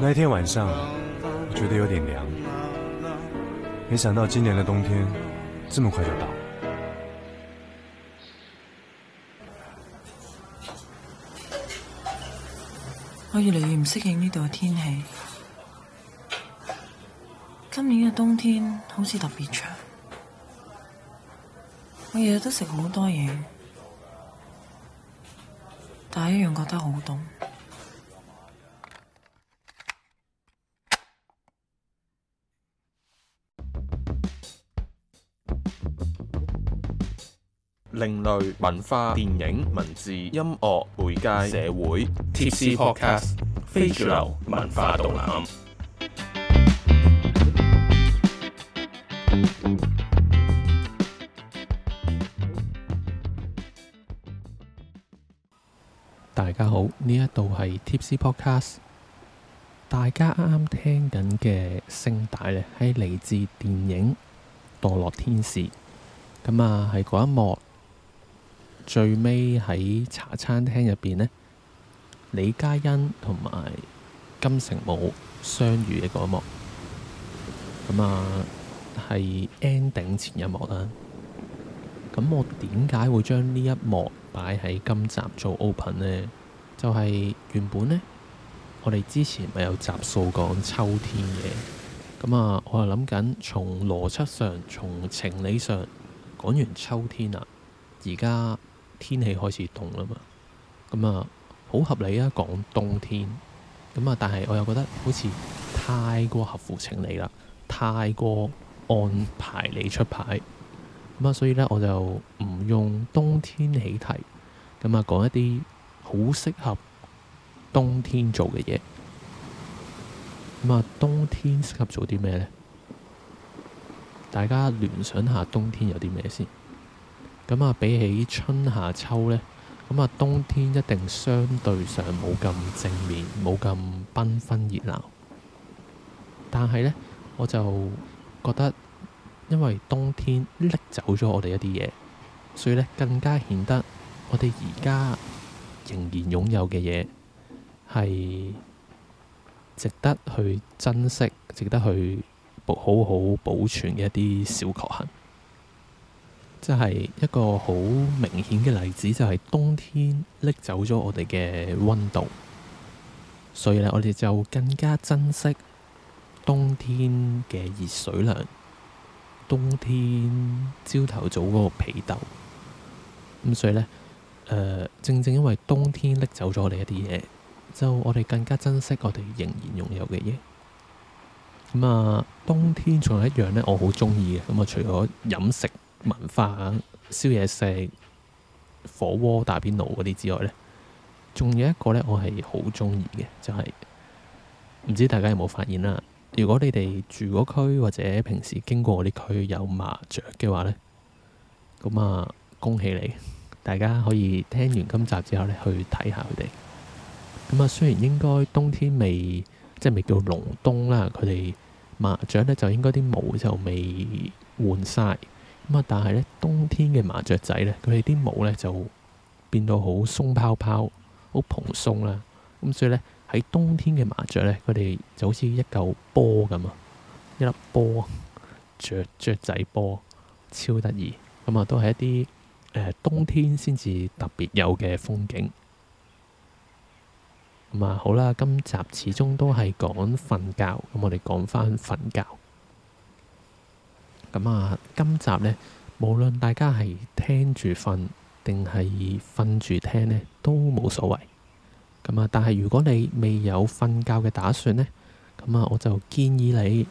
那天晚上，我覺得有點涼。沒想到今年的冬天這麼快就到。我越嚟越唔適應呢度嘅天氣。今年嘅冬天好似特別長。我日日都食好多嘢，但一樣覺得好凍。另類文化、電影、文字、音樂、媒介、社會，Tipsy Podcast 非主流文化導覽。大家好，呢一度係 Tipsy Podcast。大家啱啱聽緊嘅聲帶咧，係嚟自電影《墮落天使》。咁啊，係嗰一幕。最尾喺茶餐廳入邊呢，李嘉欣同埋金城武相遇嘅嗰一幕，咁啊係 ending 前一幕啦。咁我點解會將呢一幕擺喺今集做 open 呢？就係原本呢，我哋之前咪有集數講秋天嘅，咁啊，我又諗緊從邏輯上，從情理上講完秋天啦，而家。天氣開始凍啦嘛，咁啊好合理啊，講冬天，咁啊但係我又覺得好似太過合乎情理啦，太過按牌理出牌，咁啊所以咧我就唔用冬天起題，咁啊講一啲好適合冬天做嘅嘢，咁啊冬天適合做啲咩咧？大家聯想下冬天有啲咩先。咁啊、嗯，比起春夏秋咧，咁、嗯、啊冬天一定相對上冇咁正面，冇咁繽紛熱鬧。但係咧，我就覺得，因為冬天拎走咗我哋一啲嘢，所以咧更加顯得我哋而家仍然擁有嘅嘢係值得去珍惜、值得去好好保存嘅一啲小確幸。即係一個好明顯嘅例子，就係、是、冬天拎走咗我哋嘅溫度，所以咧我哋就更加珍惜冬天嘅熱水涼，冬天朝頭早嗰個被竇，咁所以咧，誒、呃，正正因為冬天拎走咗你一啲嘢，就我哋更加珍惜我哋仍然擁有嘅嘢。咁、嗯、啊，冬天仲有一樣咧，我好中意嘅，咁、嗯、啊，除咗飲食。文化、宵夜食、火鍋、打邊爐嗰啲之外咧，仲有一個咧，我係好中意嘅，就係唔知大家有冇發現啦。如果你哋住嗰區或者平時經過嗰啲區有麻雀嘅話咧，咁啊，恭喜你！大家可以聽完今集之後咧，去睇下佢哋。咁啊，雖然應該冬天未即係未叫隆冬啦，佢哋麻雀咧就應該啲毛就未換晒。咁啊！但係咧，冬天嘅麻雀仔咧，佢哋啲毛咧就變到好鬆泡泡、好蓬鬆啦。咁所以咧，喺冬天嘅麻雀咧，佢哋就好似一嚿波咁啊，一粒波雀雀仔波，超得意。咁啊，都係一啲誒、呃、冬天先至特別有嘅風景。咁啊，好啦，今集始終都係講瞓覺，咁我哋講翻瞓覺。咁啊，今集咧，無論大家係聽住瞓定係瞓住聽咧，都冇所謂。咁啊，但係如果你未有瞓覺嘅打算咧，咁啊，我就建議你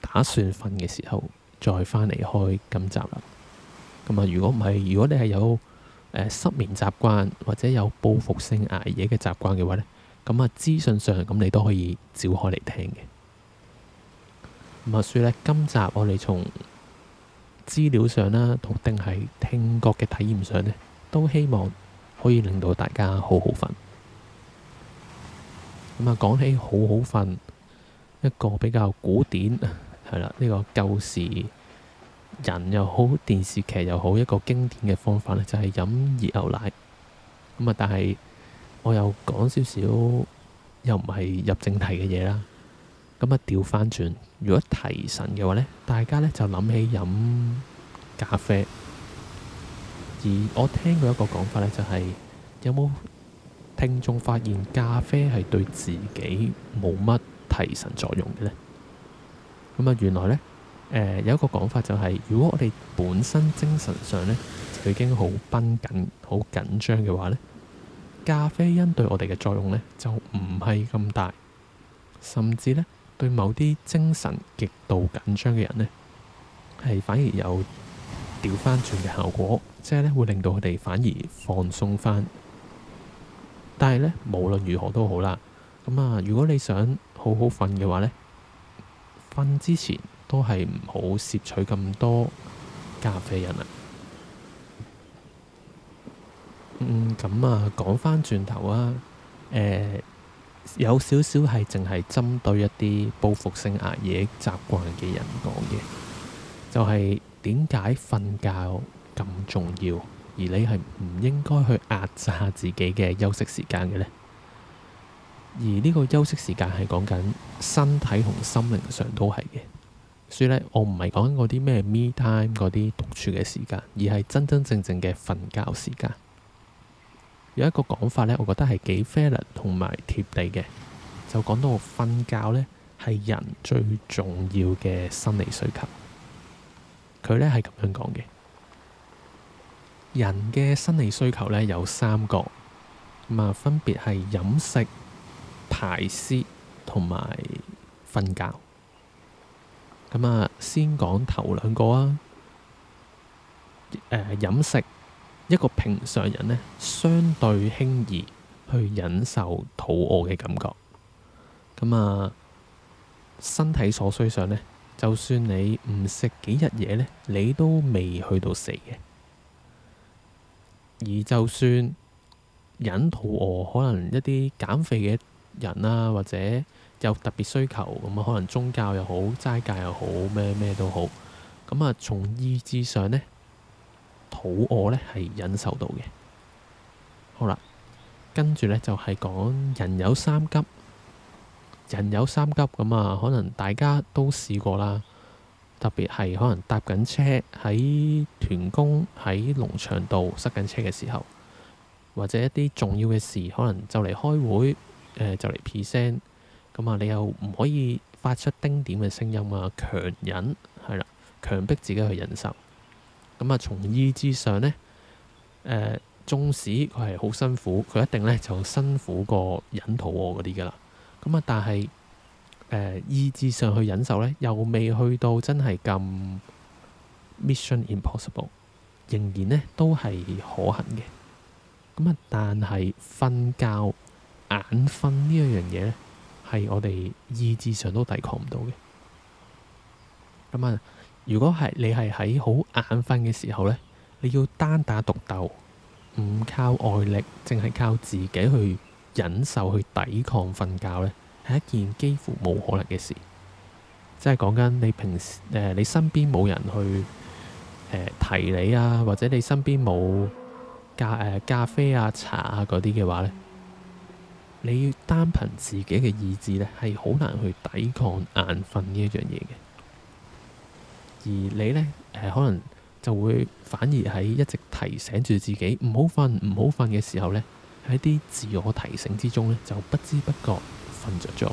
打算瞓嘅時候再翻嚟開今集。咁啊，如果唔係，如果你係有誒失眠習慣或者有報復性捱夜嘅習慣嘅話咧，咁啊，資訊上咁你都可以照開嚟聽嘅。咁啊，所以咧，今集我哋從資料上啦，同定係聽覺嘅體驗上咧，都希望可以令到大家好好瞓。咁啊，講起好好瞓，一個比較古典係啦，呢個舊時人又好，電視劇又好，一個經典嘅方法咧，就係飲熱牛奶。咁啊，但係我又講少少，又唔係入正題嘅嘢啦。咁啊，調返轉。如果提神嘅話咧，大家咧就諗起飲咖啡。而我聽過一個講法咧、就係，就係有冇聽眾發現咖啡係對自己冇乜提神作用嘅呢？咁啊，原來呢，誒、呃、有一個講法就係、係，如果我哋本身精神上咧已經好崩緊、好緊張嘅話呢，咖啡因對我哋嘅作用呢，就唔係咁大，甚至呢。對某啲精神極度緊張嘅人呢，係反而有調翻轉嘅效果，即係呢會令到佢哋反而放鬆翻。但係呢，無論如何都好啦，咁啊，如果你想好好瞓嘅話呢，瞓之前都係唔好攝取咁多咖啡因啊。嗯，咁啊，講翻轉頭啊，誒。有少少係淨係針對一啲報復性捱夜習慣嘅人講嘅，就係點解瞓覺咁重要，而你係唔應該去壓榨自己嘅休息時間嘅咧？而呢個休息時間係講緊身體同心靈上都係嘅，所以咧我唔係講緊嗰啲咩 me time 嗰啲獨處嘅時間，而係真真正正嘅瞓覺時間。有一個講法咧，我覺得係幾 fair 同埋貼地嘅，就講到瞓覺咧係人最重要嘅生理需求。佢咧係咁樣講嘅，人嘅生理需求咧有三個，咁啊分別係飲食、排泄同埋瞓覺。咁啊，先講頭兩個啊，誒飲食。一個平常人呢，相對輕易去忍受肚餓嘅感覺。咁、嗯、啊，身體所需上呢，就算你唔食幾日嘢呢，你都未去到死嘅。而就算忍肚餓，可能一啲減肥嘅人啊，或者有特別需求，咁、嗯、啊，可能宗教又好，齋戒又好，咩咩都好。咁、嗯、啊，從意志上呢。肚餓咧係忍受到嘅。好啦，跟住咧就係、是、講人有三急，人有三急咁啊，可能大家都試過啦。特別係可能搭緊車喺屯工喺農場度塞緊車嘅時候，或者一啲重要嘅事，可能就嚟開會，呃、就嚟 present 咁啊，你又唔可以發出丁點嘅聲音啊，強忍係啦，強迫自己去忍受。咁啊，從意志上咧，誒、呃，縱使佢係好辛苦，佢一定咧就辛苦過忍肚餓嗰啲㗎喇。咁啊，但係誒、呃，意志上去忍受咧，又未去到真係咁 Mission Impossible，仍然咧都係可行嘅。咁啊，但係瞓覺、眼瞓呢一樣嘢咧，係我哋意志上都抵抗唔到嘅。咁、嗯、啊。如果係你係喺好眼瞓嘅時候呢，你要單打獨鬥，唔靠外力，淨係靠自己去忍受、去抵抗瞓覺呢，係一件幾乎冇可能嘅事。即係講緊你平時誒、呃、你身邊冇人去、呃、提你啊，或者你身邊冇咖誒咖啡啊、茶啊嗰啲嘅話呢，你要單憑自己嘅意志呢，係好難去抵抗眼瞓呢一樣嘢嘅。而你咧，誒可能就會反而喺一直提醒住自己唔好瞓，唔好瞓嘅時候咧，喺啲自我提醒之中咧，就不知不覺瞓着咗。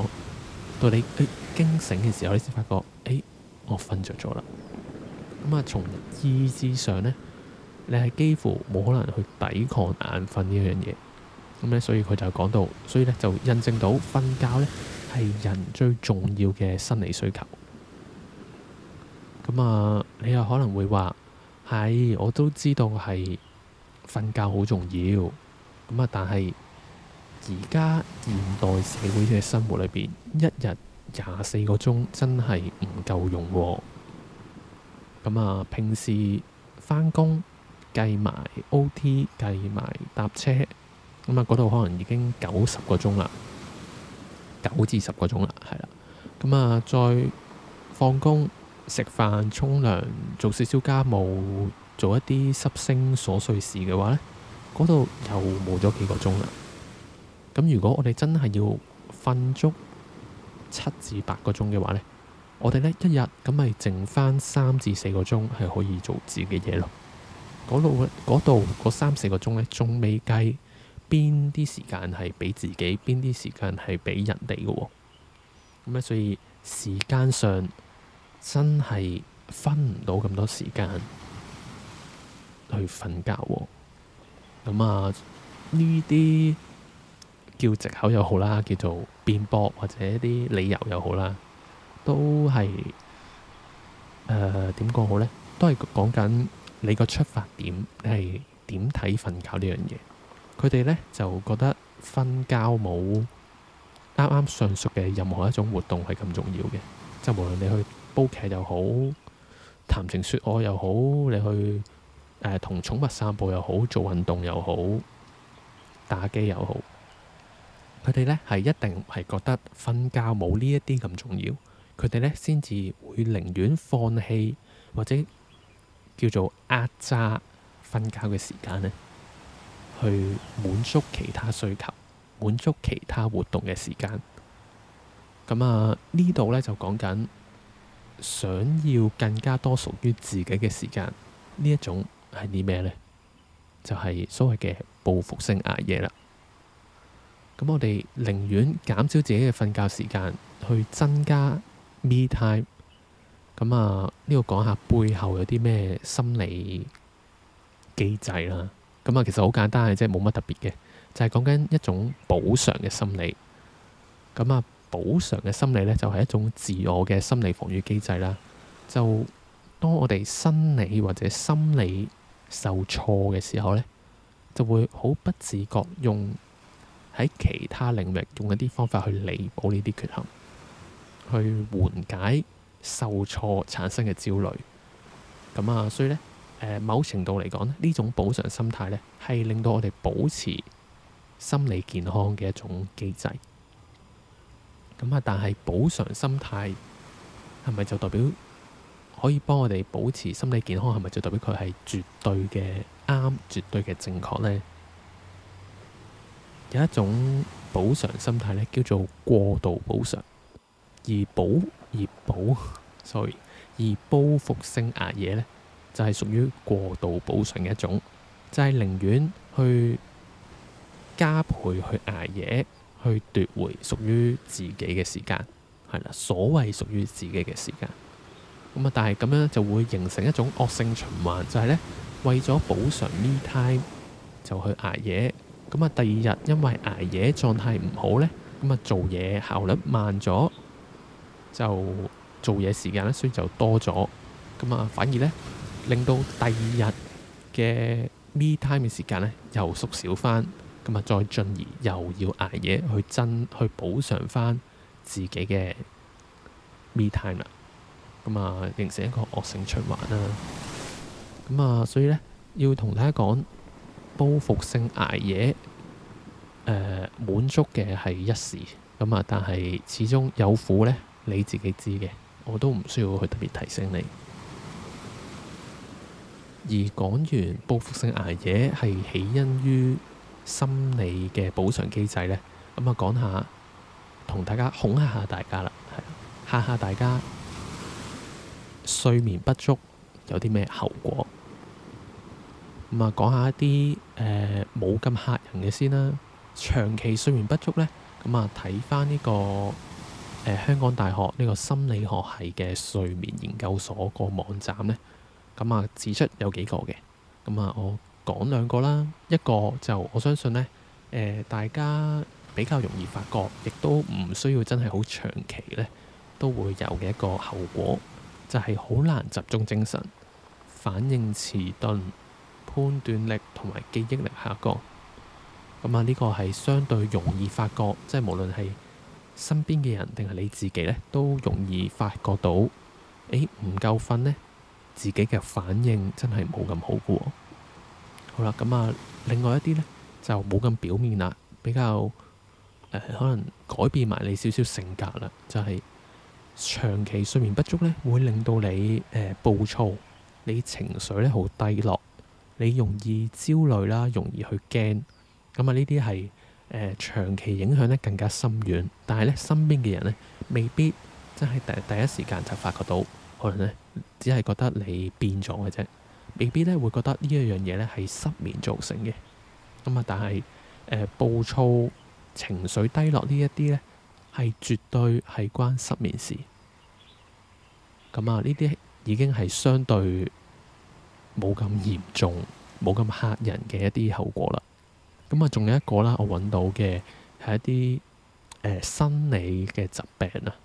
到你誒、欸、驚醒嘅時候，你先發覺，誒、欸、我瞓着咗啦。咁啊，從意志上咧，你係幾乎冇可能去抵抗眼瞓呢樣嘢。咁咧，所以佢就講到，所以咧就印證到瞓覺咧係人最重要嘅生理需求。咁啊、嗯，你又可能會話係，我都知道係瞓覺好重要。咁、嗯、啊，但係而家現代社會嘅生活裏邊，一日廿四個鐘真係唔夠用。咁、嗯、啊，平時返工計埋 OT，計埋搭車，咁、嗯、啊，嗰度可能已經九十個鐘啦，九至十個鐘啦，係啦。咁、嗯、啊，再放工。食飯、沖涼、做少少家務、做一啲濕星瑣碎事嘅話呢，嗰度又冇咗幾個鐘啦。咁如果我哋真係要瞓足七至八個鐘嘅話我呢，我哋呢，一日咁咪剩翻三至四個鐘係可以做自己嘅嘢咯。嗰度，嗰度嗰三四個鐘呢，仲未計邊啲時間係俾自己，邊啲時間係俾人哋嘅。咁咧，所以時間上。真係分唔到咁多時間去瞓覺喎。咁啊，呢啲叫藉口又好啦，叫做辯駁或者啲理由又好啦，都係誒，點講好咧？都係講緊你個出發點，你係點睇瞓覺呢樣嘢。佢哋咧就覺得瞓覺冇啱啱上述嘅任何一種活動係咁重要嘅，就無論你去。煲劇又好，談情說愛又好，你去誒同寵物散步又好，做運動又好，打機又好，佢哋咧係一定係覺得瞓覺冇呢一啲咁重要，佢哋咧先至會寧願放棄或者叫做壓榨瞓覺嘅時間咧，去滿足其他需求，滿足其他活動嘅時間。咁啊，呢度咧就講緊。想要更加多屬於自己嘅時間，呢一種係啲咩呢？就係所謂嘅報復性挨夜啦。咁我哋寧願減少自己嘅瞓覺時間，去增加 me time。咁啊，呢度講下背後有啲咩心理機制啦。咁啊，其實好簡單嘅，即係冇乜特別嘅，就係講緊一種補償嘅心理。咁啊。補償嘅心理咧，就係、是、一種自我嘅心理防禦機制啦。就當我哋生理或者心理受挫嘅時候咧，就會好不自覺用喺其他領域用一啲方法去彌補呢啲缺陷，去緩解受挫產生嘅焦慮。咁啊，所以咧，誒、呃，某程度嚟講咧，呢種補償心態咧，係令到我哋保持心理健康嘅一種機制。咁啊！但係補償心態係咪就代表可以幫我哋保持心理健康？係咪就代表佢係絕對嘅啱，絕對嘅正確呢？有一種補償心態咧，叫做過度補償，而補而補，sorry，而報復性捱夜咧，就係屬於過度補償嘅一種，就係寧願去加倍去捱夜。去奪回屬於自己嘅時間，係啦，所謂屬於自己嘅時間。咁啊，但係咁樣就會形成一種惡性循環，就係呢：為咗補償 me time 就去捱夜，咁啊，第二日因為捱夜狀態唔好呢，咁啊，做嘢效率慢咗，就做嘢時間呢，所以就多咗，咁啊，反而呢，令到第二日嘅 me time 嘅時間呢，又縮少返。咁啊，再進而又要捱夜去增去補償翻自己嘅 me time 啦。咁啊，形成一個惡性循環啦。咁啊，所以咧要同大家講，報復性捱夜誒滿足嘅係一時，咁啊，但係始終有苦咧，你自己知嘅，我都唔需要去特別提醒你。而講完報復性捱夜係起因於，心理嘅補償機制咧，咁啊講下，同大家恐嚇下大家啦，嚇嚇大家睡眠不足有啲咩後果？咁啊講下一啲誒冇咁嚇人嘅先啦。長期睡眠不足咧，咁啊睇翻呢個誒、呃、香港大學呢個心理學系嘅睡眠研究所個網站咧，咁啊指出有幾個嘅，咁啊、這個呃、我。講兩個啦，一個就我相信呢，誒、呃、大家比較容易發覺，亦都唔需要真係好長期咧，都會有嘅一個後果，就係、是、好難集中精神，反應遲鈍，判斷力同埋記憶力下降。咁、嗯、啊，呢、這個係相對容易發覺，即係無論係身邊嘅人定係你自己呢，都容易發覺到，誒唔夠瞓呢，自己嘅反應真係冇咁好嘅喎。好啦，咁啊，另外一啲咧就冇咁表面啦，比較誒、呃、可能改變埋你少少性格啦，就係、是、長期睡眠不足咧，會令到你誒、呃、暴躁，你情緒咧好低落，你容易焦慮啦，容易去驚，咁啊呢啲係誒長期影響咧更加深遠，但係咧身邊嘅人咧未必即係第第一時間就發覺到，可能咧只係覺得你變咗嘅啫。未必咧會覺得呢一樣嘢咧係失眠造成嘅，咁啊，但係誒暴躁、情緒低落呢一啲咧係絕對係關失眠事。咁啊，呢啲已經係相對冇咁嚴重、冇咁嚇人嘅一啲後果啦。咁啊，仲有一個啦，我揾到嘅係一啲誒生理嘅疾病啊。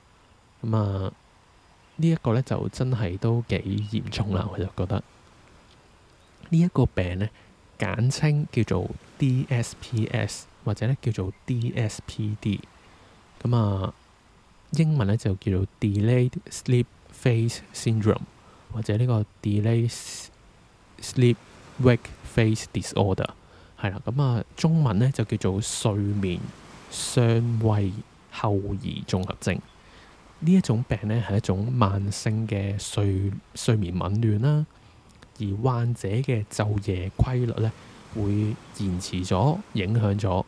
咁啊，呢一個咧就真係都幾嚴重啦，我就覺得。呢一個病咧，簡稱叫做 DSPS 或者咧叫做 DSPD，咁啊英文咧就叫做 Delayed Sleep Phase Syndrome 或者呢個 Delayed Sleep Wake Phase Disorder，係啦，咁啊中文咧就叫做睡眠相位後移綜合症。呢一種病咧係一種慢性嘅睡睡眠紊亂啦。而患者嘅晝夜規律咧，會延遲咗，影響咗。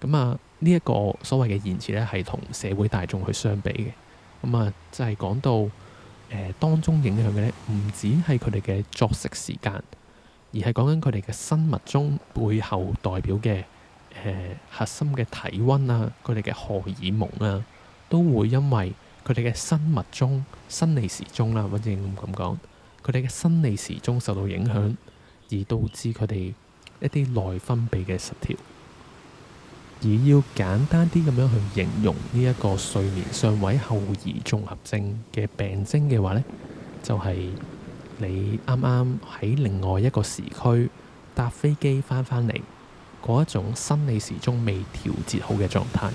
咁啊，呢、這、一個所謂嘅延遲咧，係同社會大眾去相比嘅。咁啊，就係、是、講到誒、呃、當中影響嘅咧，唔止係佢哋嘅作息時間，而係講緊佢哋嘅生物鐘背後代表嘅誒、呃、核心嘅體溫啊，佢哋嘅荷爾蒙啊，都會因為佢哋嘅生物鐘生理時鐘啦、啊，反正咁講。佢哋嘅生理時鐘受到影響，而導致佢哋一啲內分泌嘅失調。而要簡單啲咁樣去形容呢一個睡眠相位後移綜合症嘅病徵嘅話呢，就係你啱啱喺另外一個時區搭飛機翻返嚟嗰一種生理時鐘未調節好嘅狀態。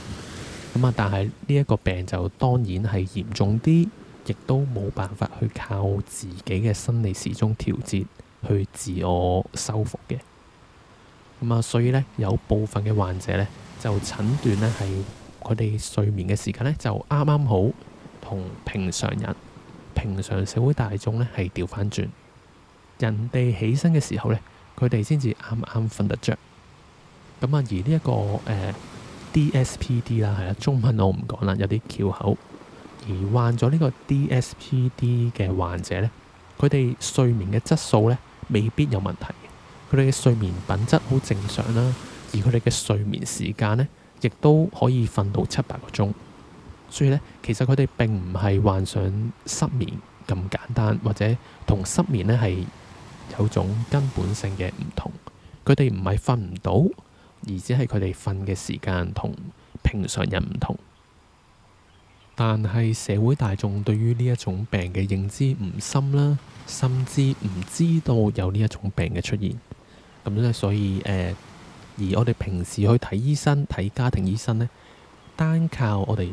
咁啊，但係呢一個病就當然係嚴重啲。亦都冇辦法去靠自己嘅心理時鐘調節，去自我修復嘅。咁啊，所以咧，有部分嘅患者咧，就診斷咧係佢哋睡眠嘅時間咧，就啱啱好同平常人，平常社會大眾咧係調翻轉。人哋起身嘅時候咧，佢哋先至啱啱瞓得着，這個。咁、呃、啊，而呢一個誒 DSPD 啦，係啦，中文我唔講啦，有啲翹口。而患咗呢個 DSPD 嘅患者呢，佢哋睡眠嘅質素呢，未必有問題，佢哋嘅睡眠品質好正常啦、啊，而佢哋嘅睡眠時間呢，亦都可以瞓到七八個鐘。所以呢，其實佢哋並唔係患上失眠咁簡單，或者同失眠呢，係有種根本性嘅唔同。佢哋唔係瞓唔到，而只係佢哋瞓嘅時間同平常人唔同。但係社會大眾對於呢一種病嘅認知唔深啦，甚至唔知道有呢一種病嘅出現，咁咧所以誒、呃，而我哋平時去睇醫生睇家庭醫生咧，單靠我哋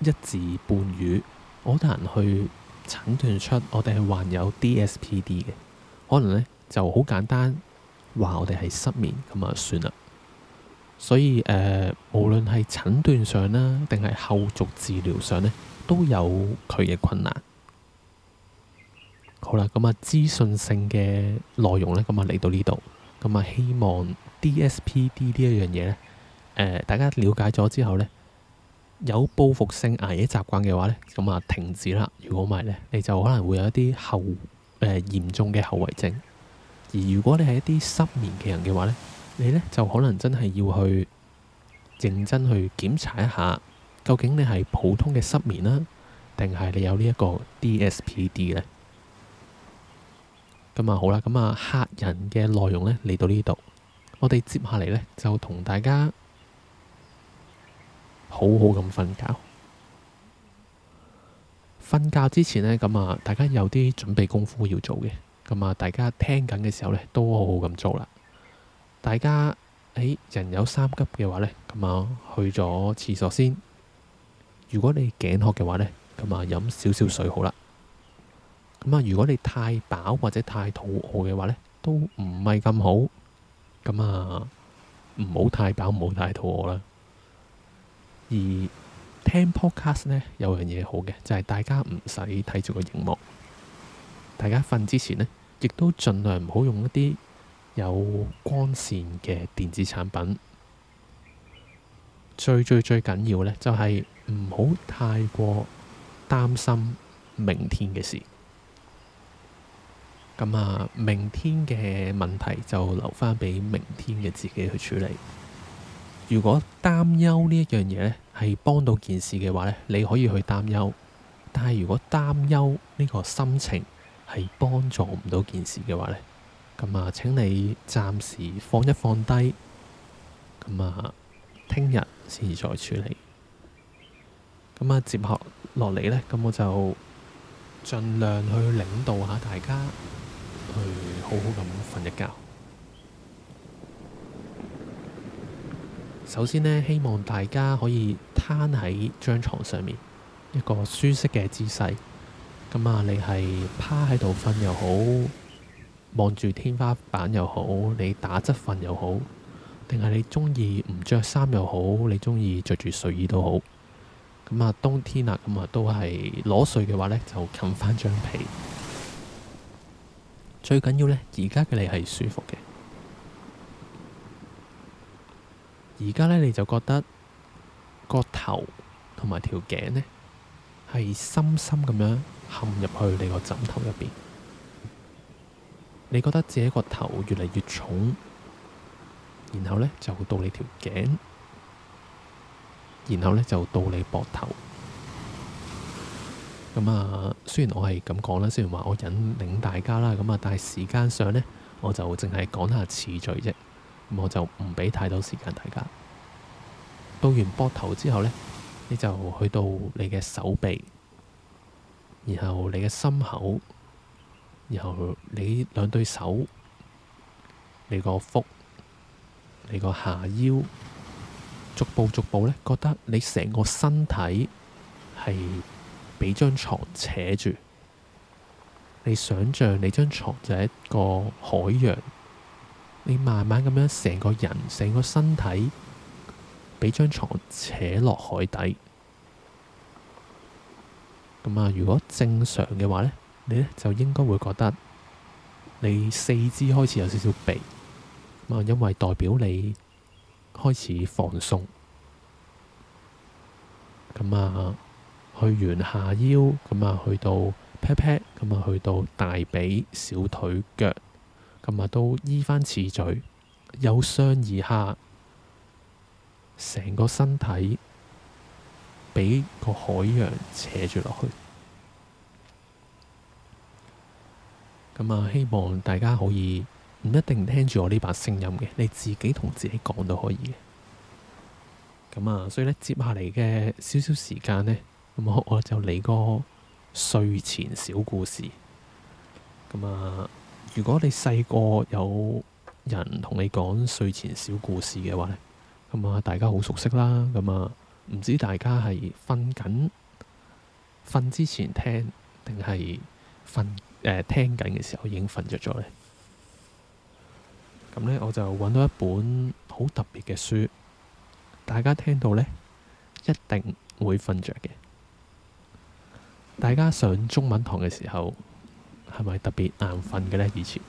一字半語，好難去診斷出我哋係患有 DSPD 嘅，可能咧就好簡單話我哋係失眠咁啊算啦。所以誒、呃，無論係診斷上啦，定係後續治療上咧，都有佢嘅困難。好啦，咁、嗯、啊，資訊性嘅內容咧，咁啊嚟到呢度，咁、嗯、啊希望 DSPD 呢一樣嘢咧，誒、呃、大家了解咗之後咧，有報復性捱夜習慣嘅話咧，咁、嗯、啊停止啦。如果唔係咧，你就可能會有一啲後誒、呃、嚴重嘅後遺症。而如果你係一啲失眠嘅人嘅話咧，你咧就可能真係要去認真去檢查一下，究竟你係普通嘅失眠啦，啊，定係你有呢一個 DSPD 咧？咁啊、嗯、好啦，咁、嗯、啊客人嘅內容咧嚟到呢度，我哋接下嚟咧就同大家好好咁瞓覺。瞓覺之前咧，咁、嗯、啊大家有啲準備功夫要做嘅，咁、嗯、啊大家聽緊嘅時候咧都好好咁做啦。大家喺、哎、人有三急嘅話咧，咁啊去咗廁所先。如果你頸渴嘅話咧，咁啊飲少少水好啦。咁啊，如果你太飽或者太肚餓嘅話咧，都唔係咁好。咁啊，唔好太飽，唔好太肚餓啦。而聽 podcast 咧，有樣嘢好嘅就係、是、大家唔使睇住個熒幕。大家瞓之前呢，亦都盡量唔好用一啲。有光線嘅電子產品，最最最緊要咧，就係唔好太過擔心明天嘅事。咁啊，明天嘅問題就留翻俾明天嘅自己去處理。如果擔憂呢一樣嘢咧，係幫到件事嘅話咧，你可以去擔憂；但係如果擔憂呢個心情係幫助唔到件事嘅話咧，咁啊，請你暫時放一放低，咁啊，聽日先再處理。咁啊，接下落嚟咧，咁我就盡量去領導下大家，去好好咁瞓一覺。首先咧，希望大家可以攤喺張床上面，一個舒適嘅姿勢。咁啊，你係趴喺度瞓又好。望住天花板又好，你打側瞓又好，定係你鍾意唔着衫又好，你鍾意着住睡衣都好。咁啊，冬天啊，咁啊都係裸睡嘅話咧，就冚返張被。最緊要咧，而家嘅你係舒服嘅。而家咧，你就覺得個頭同埋條頸咧係深深咁樣陷入去你個枕頭入邊。你覺得自己個頭越嚟越重，然後咧就到你條頸，然後咧就到你膊頭。咁啊，雖然我係咁講啦，雖然話我引領大家啦，咁啊，但係時間上咧，我就淨係講下次序啫，咁我就唔畀太多時間大家。到完膊頭之後咧，你就去到你嘅手臂，然後你嘅心口。然後你兩對手，你個腹，你個下腰，逐步逐步咧，覺得你成個身體係畀張床扯住。你想象你張床就係一個海洋，你慢慢咁樣成個人，成個身體畀張床扯落海底。咁啊，如果正常嘅話咧？你咧就應該會覺得你四肢開始有少少痹，咁啊，因為代表你開始放鬆。咁啊，去完下腰，咁啊，去到 pat pat，咁啊，去到大髀、小腿、腳，咁啊，都依翻次序，由上而下，成個身體畀個海洋扯住落去。咁啊，希望大家可以唔一定聽住我呢把聲音嘅，你自己同自己講都可以嘅。咁、嗯、啊，所以咧，接下嚟嘅少少時間咧，咁、嗯、啊，我就嚟個睡前小故事。咁、嗯、啊，如果你細個有人同你講睡前小故事嘅話咧，咁、嗯、啊，大家好熟悉啦。咁、嗯、啊，唔知大家係瞓緊瞓之前聽定係瞓？誒、呃，聽緊嘅時候已經瞓着咗咧。咁咧，我就搵到一本好特別嘅書，大家聽到咧一定會瞓着嘅。大家上中文堂嘅時候係咪特別眼瞓嘅咧？以前，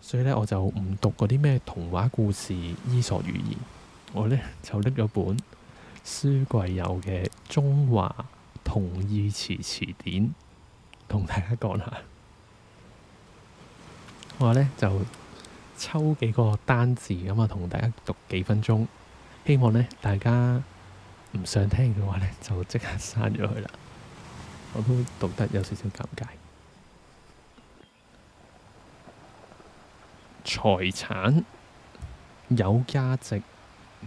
所以咧，我就唔讀嗰啲咩童話故事、伊索寓言。我咧就拎咗本書櫃有嘅《中華同義詞詞典》。同大家講下，我咧就抽幾個單字咁啊，同大家讀幾分鐘。希望咧大家唔想聽嘅話咧，就即刻刪咗佢啦。我都讀得有少少尷尬。財產，有價值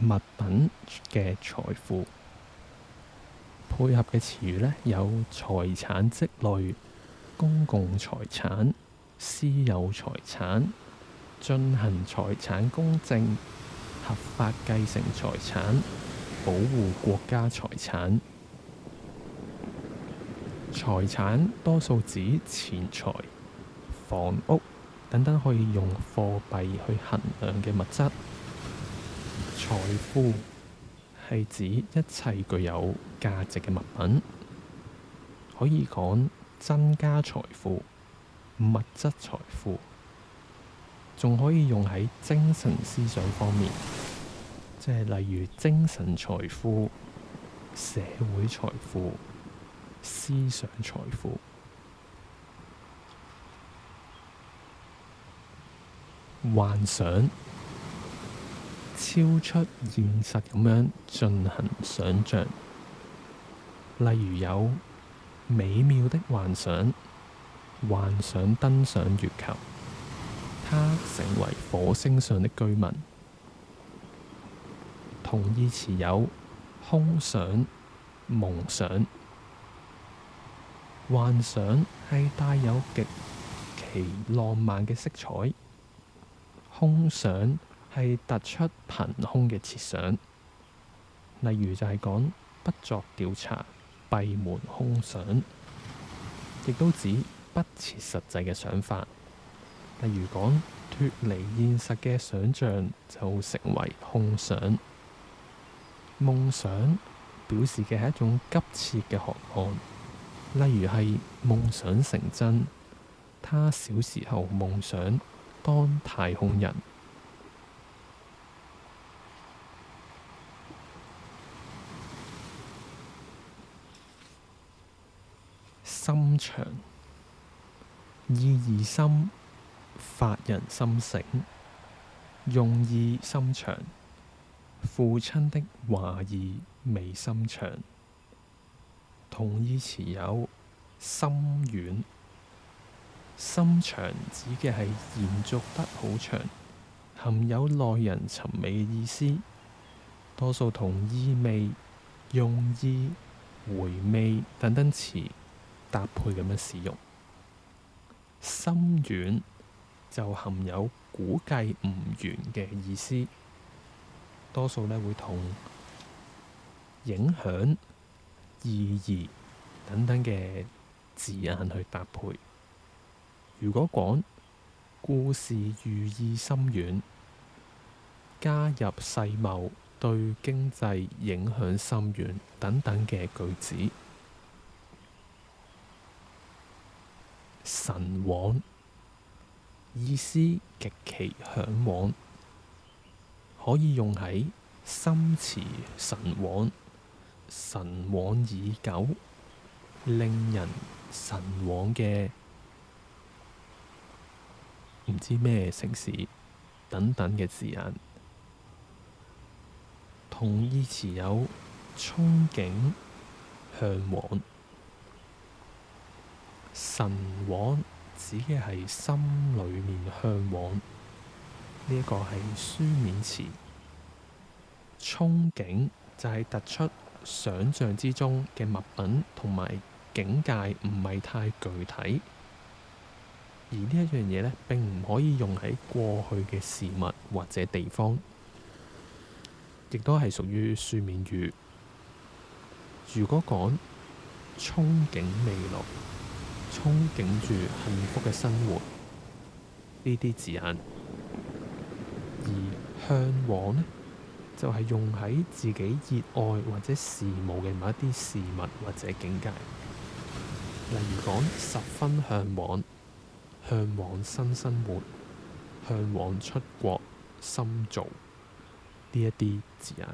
物品嘅財富，配合嘅詞語咧有財產積累、公共財產、私有財產、進行財產公證、合法繼承財產、保護國家財產。財產多數指錢財、房屋等等可以用貨幣去衡量嘅物質。財富係指一切具有價值嘅物品，可以講。增加財富、物質財富，仲可以用喺精神思想方面，即係例如精神財富、社會財富、思想財富、幻想，超出現實咁樣進行想像，例如有。美妙的幻想，幻想登上月球，它成為火星上的居民。同義詞有空想、夢想。幻想係帶有極其浪漫嘅色彩。空想係突出憑空嘅設想，例如就係講不作調查。閉門空想，亦都指不切實際嘅想法。例如講脱離現實嘅想像就成為空想。夢想表示嘅係一種急切嘅渴望，例如係夢想成真。他小時候夢想當太空人。長，意義深，發人心醒。用意深長，父親的話意味深長。同義詞有深遠。深長指嘅係延續得好長，含有耐人尋味嘅意思。多數同意味、用意、回味等等詞。搭配咁樣使用，深遠就含有估計唔完嘅意思，多數呢會同影響、意義等等嘅字眼去搭配。如果講故事寓意深遠，加入世貿對經濟影響深遠等等嘅句子。神往，意思極其向往，可以用喺心馳神往、神往已久、令人神往嘅唔知咩城市等等嘅字眼，同義詞有憧憬、向往。神往指嘅係心裏面向往，呢一個係書面詞。憧憬就係突出想象之中嘅物品同埋境界，唔係太具體。而呢一樣嘢咧，並唔可以用喺過去嘅事物或者地方，亦都係屬於書面語。如果講憧憬未來。憧憬住幸福嘅生活呢啲字眼，而向往呢，就係用喺自己熱愛或者事務嘅某一啲事物或者境界。例如講十分向往、向往新生活、向往出國深造呢一啲字眼。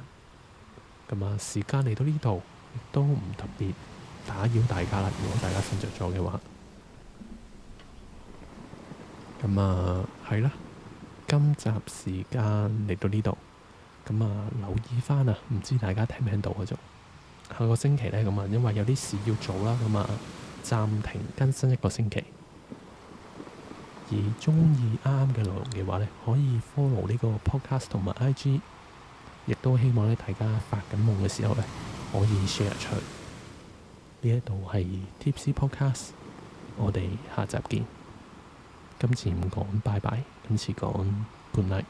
咁啊，時間嚟到呢度亦都唔特別，打擾大家啦！如果大家瞓着咗嘅話，咁啊係啦，今集時間嚟到呢度，咁啊留意翻啊，唔知大家聽唔聽到嘅仲下個星期咧，咁啊，因為有啲事要做啦，咁啊暫停更新一個星期。而中意啱嘅內容嘅話咧，可以 follow 呢個 podcast 同埋 IG，亦都希望咧大家發緊夢嘅時候咧，可以 share 出呢一度係 Tipsy Podcast，我哋下集見。今次唔講拜拜，今次講 good night。